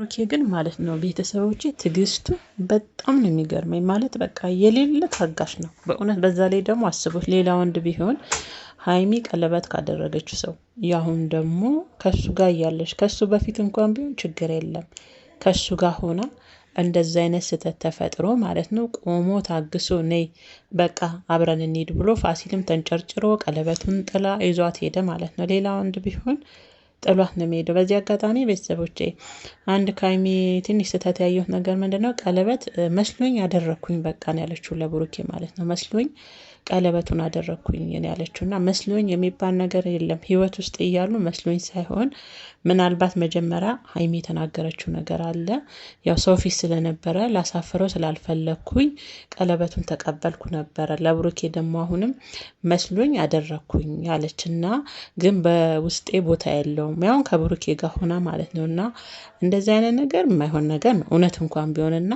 ብሩኬ ግን ማለት ነው ቤተሰቦች ትግስቱ በጣም ነው የሚገርመኝ። ማለት በቃ የሌለ ታጋሽ ነው በእውነት። በዛ ላይ ደግሞ አስቡት ሌላ ወንድ ቢሆን ሀይሚ ቀለበት ካደረገችው ሰው ያሁን ደግሞ ከሱ ጋር እያለች ከሱ በፊት እንኳን ቢሆን ችግር የለም ከሱ ጋር ሆና እንደዛ አይነት ስህተት ተፈጥሮ ማለት ነው ቆሞ ታግሶ ነይ በቃ አብረን እንሂድ ብሎ ፋሲልም ተንጨርጭሮ ቀለበቱን ጥላ ይዟት ሄደ ማለት ነው። ሌላ ወንድ ቢሆን ጥሏት ነው የሚሄደው። በዚህ አጋጣሚ ቤተሰቦቼ አንድ ካይሚ ትንሽ ስህተት ያየሁት ነገር ምንድነው ቀለበት መስሎኝ ያደረግኩኝ በቃ ነው ያለችው ለብሩኬ ማለት ነው መስሎኝ ቀለበቱን አደረግኩኝ ያለችው እና መስሎኝ የሚባል ነገር የለም። ህይወት ውስጥ እያሉ መስሎኝ ሳይሆን ምናልባት መጀመሪያ ሀይሚ የተናገረችው ነገር አለ። ያው ሰው ፊት ስለነበረ ላሳፍረው ስላልፈለግኩኝ ቀለበቱን ተቀበልኩ ነበረ። ለብሩኬ ደግሞ አሁንም መስሎኝ አደረግኩኝ ያለች እና ግን በውስጤ ቦታ የለውም ያውን ከብሩኬ ጋር ሆና ማለት ነው እና እንደዚህ አይነት ነገር የማይሆን ነገር ነው እውነት እንኳን ቢሆንና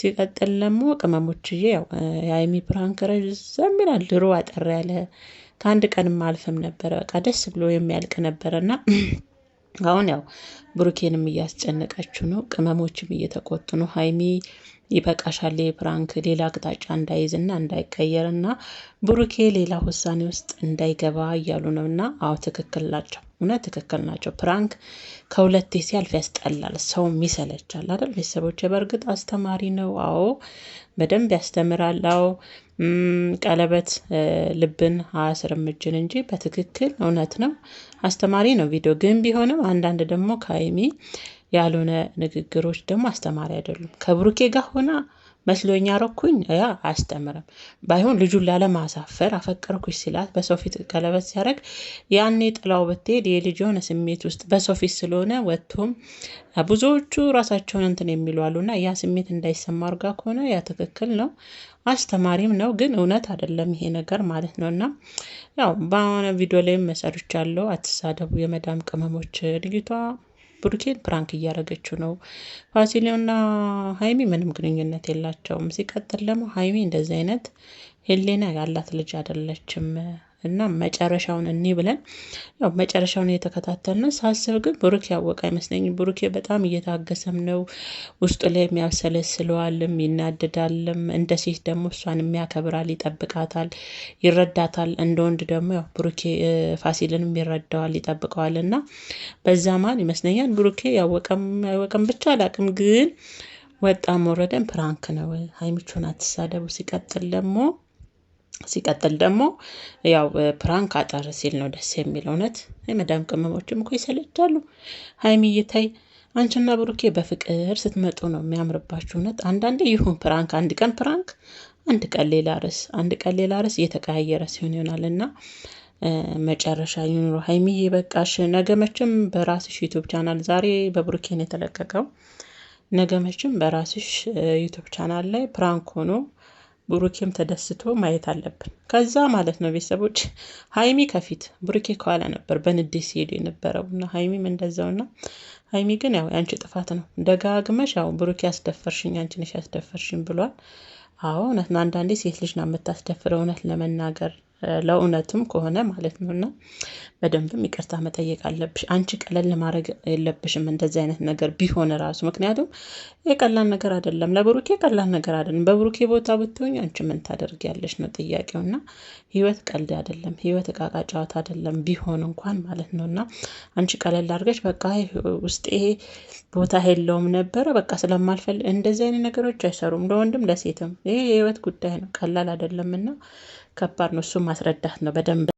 ሲቀጥል ደግሞ ቅመሞችዬ ያው የሀይሚ ፕራንክ ረዘም ግርም ይላል። ድሮ አጠር ያለ ከአንድ ቀንም አልፍም ነበረ። በቃ ደስ ብሎ የሚያልቅ ነበረና አሁን ያው ብሩኬንም እያስጨነቀችው ነው። ቅመሞችም እየተቆጡ ነው። ሀይሚ ይበቃሻል፣ ፕራንክ ሌላ አቅጣጫ እንዳይዝና እንዳይቀየር እንዳይቀየርና ብሩኬ ሌላ ውሳኔ ውስጥ እንዳይገባ እያሉ ነው። እና አዎ ትክክል ናቸው፣ እውነት ትክክል ናቸው። ፕራንክ ከሁለቴ ሲያልፍ ያስጠላል፣ ሰውም ይሰለቻል አይደል? ቤተሰቦች በእርግጥ አስተማሪ ነው። አዎ በደንብ ያስተምራል። አዎ ቀለበት ልብን አያስርም እጅን እንጂ በትክክል እውነት ነው፣ አስተማሪ ነው ቪዲዮ ግን ቢሆንም አንዳንድ ደግሞ ከሀይሚ ያልሆነ ንግግሮች ደግሞ አስተማሪ አይደሉም። ከብሩኬ ጋር ሆና መስሎኛ ረኩኝ ያ አያስተምርም። ባይሆን ልጁን ላለማሳፈር አፈቀርኩሽ ሲላት በሰው ፊት ቀለበት ሲያደርግ ያኔ ጥላው ብትሄድ የልጅ የሆነ ስሜት ውስጥ በሰው ፊት ስለሆነ ወጥቶም ብዙዎቹ ራሳቸውን እንትን የሚሉዋሉ አሉና ያ ስሜት እንዳይሰማ አድርጋ ከሆነ ያ ትክክል ነው፣ አስተማሪም ነው። ግን እውነት አይደለም ይሄ ነገር ማለት ነው። እና ያው በሆነ ቪዲዮ ላይም መሰርቻለሁ፣ አትሳደቡ የመዳም ቅመሞች ልጅቷ ብሩኬን ፕራንክ እያደረገችው ነው። ፋሲሌና ሀይሚ ምንም ግንኙነት የላቸውም። ሲቀጥል ደግሞ ሀይሚ እንደዚህ አይነት ሄሌና ያላት ልጅ አይደለችም። እና መጨረሻውን እኔ ብለን ያው መጨረሻውን እየተከታተልን ሳስብ ግን ብሩክ ያወቀ አይመስለኝም። ብሩኬ በጣም እየታገሰም ነው ውስጡ ላይ የሚያሰለስለዋልም ይናደዳልም፣ እንደ ሴት ደግሞ እሷን የሚያከብራል፣ ይጠብቃታል፣ ይረዳታል። እንደ ወንድ ደግሞ ያው ብሩኬ ፋሲልንም ይረዳዋል፣ ይጠብቀዋል እና በዛ መሀል ይመስለኛል ብሩኬ ያወቀም አይወቀም ብቻ አላቅም ግን ወጣም ወረደን ፕራንክ ነው። ሀይሚቾን አትሳደቡ። ሲቀጥል ደግሞ ሲቀጥል ደግሞ ያው ፕራንክ አጠር ሲል ነው ደስ የሚል። እውነት የመዳም ቅመሞችም እኮ ይሰለቻሉ። ሀይሚ ተይ አንቺና ብሩኬ በፍቅር ስትመጡ ነው የሚያምርባችሁ። እውነት አንዳንዴ ይሁን ፕራንክ፣ አንድ ቀን ፕራንክ፣ አንድ ቀን ሌላ ርዕስ፣ አንድ ቀን ሌላ ርዕስ እየተቀያየረ ሲሆን ይሆናል እና መጨረሻ ይኑሮ ሀይሚ በቃሽ። ነገ መቼም በራስሽ ዩቱብ ቻናል ዛሬ በብሩኬን የተለቀቀው ነገ መቼም በራስሽ ዩቱብ ቻናል ላይ ፕራንክ ሆኖ ብሩኬም ተደስቶ ማየት አለብን። ከዛ ማለት ነው ቤተሰቦች ሀይሚ ከፊት ብሩኬ ከኋላ ነበር በንዴት ሲሄዱ የነበረው እና ሀይሚም እንደዛው ና ሀይሚ ግን ያው ያንቺ ጥፋት ነው ደጋግመሽ ያው ብሩኬ ያስደፈርሽኝ አንቺ ነሽ ያስደፈርሽኝ ብሏል። አዎ እውነት አንዳንዴ ሴት ልጅ ና የምታስደፍረው እውነት ለመናገር ለእውነትም ከሆነ ማለት ነው። እና በደንብም ይቅርታ መጠየቅ አለብሽ። አንቺ ቀለል ለማድረግ የለብሽም እንደዚህ አይነት ነገር ቢሆን ራሱ ምክንያቱም የቀላል ነገር አይደለም፣ ለብሩኬ ቀላል ነገር አይደለም። በብሩኬ ቦታ ብትሆኝ አንቺ ምን ታደርጊያለሽ ነው ጥያቄው። እና ህይወት ቀልድ አይደለም፣ ህይወት እቃቃ ጨዋታ አይደለም ቢሆን እንኳን ማለት ነው። እና አንቺ ቀለል አድርገሽ በቃ ውስጤ ቦታ የለውም ነበረ በቃ ስለማልፈልግ እንደዚህ አይነት ነገሮች አይሰሩም፣ ለወንድም ለሴትም። ይሄ የህይወት ጉዳይ ነው፣ ቀላል አይደለምና ከባድ ነው። እሱ ማስረዳት ነው በደንብ